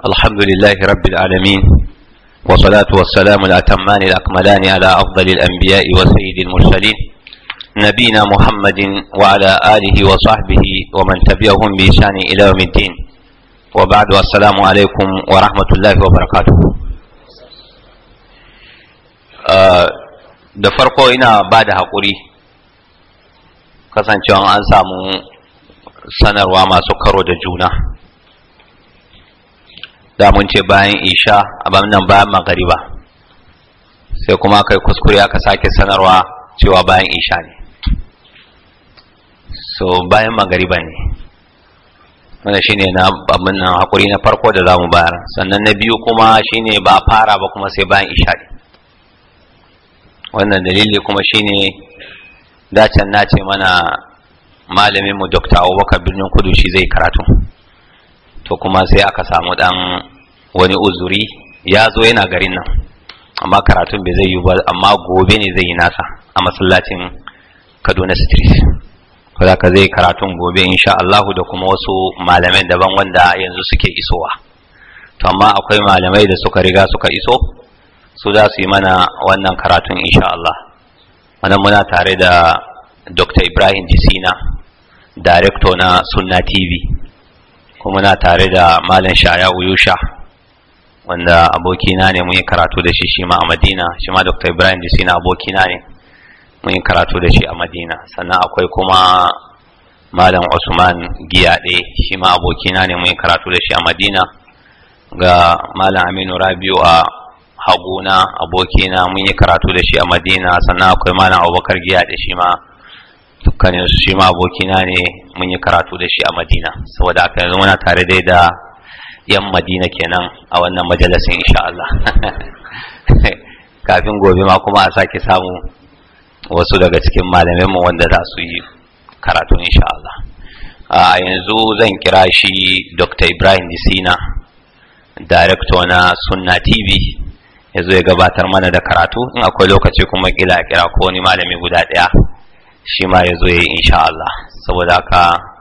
الحمد لله رب العالمين والصلاة والسلام الأتمان الأكملان على أفضل الأنبياء وسيد المرسلين نبينا محمد وعلى آله وصحبه ومن تبعهم بإحسان إلى يوم الدين وبعد السلام عليكم ورحمة الله وبركاته da farko ina ba da haƙuri kasancewa an samu sanarwa masu karo da juna da mun ce bayan isha abin nan bayan magariba sai kuma kai kuskure aka sake sanarwa cewa bayan isha ne so bayan magariba ne wanda shine na abin nan hakuri na farko da zamu bayar sannan na biyu kuma shine ba fara ba kuma sai bayan isha ne wannan dalili kuma shine dacen na ce mana malamin mu Dr. Abubakar Birnin Kudu shi zai karatu to kuma sai aka samu dan wani uzuri ya zo yana garin nan amma karatun bai zai yi ba amma gobe ne zai yi nasa a masallacin kaduna street za ka zai karatun gobe insha Allah da kuma wasu malamai daban wanda yanzu suke isowa to amma akwai malamai da suka riga suka iso su za su yi mana wannan karatun insha Allah wannan muna tare da Dr. Ibrahim Jisina director na Sunna TV kuma na tare da Malam Shaya Uyusha wanda abokina ne mun yi karatu da shi shi ma a madina shi ma dr ibrahim da na abokina ne mun yi karatu da shi a madina sannan akwai kuma malam usman giyaɗe shi ma abokina ne mun yi karatu da shi a madina ga malam aminu rabiu a haguna abokina mun yi karatu da shi a madina sannan akwai malam abubakar giyaɗe shi ma dukkanin su shi ma abokina ne mun yi karatu da shi a madina saboda aka yanzu muna tare dai da yan madina kenan a wannan majalisin insha Allah kafin gobe ma kuma a sake samu wasu daga cikin malaminmu wanda za su yi karatu insha Allah a yanzu zan kira shi Dr. Ibrahim Nisina director na Sunna TV ya zo ya gabatar mana da karatu in akwai lokaci kuma kila kira ko wani malami guda ɗaya shi ma yazo zo ya yi insha Allah saboda haka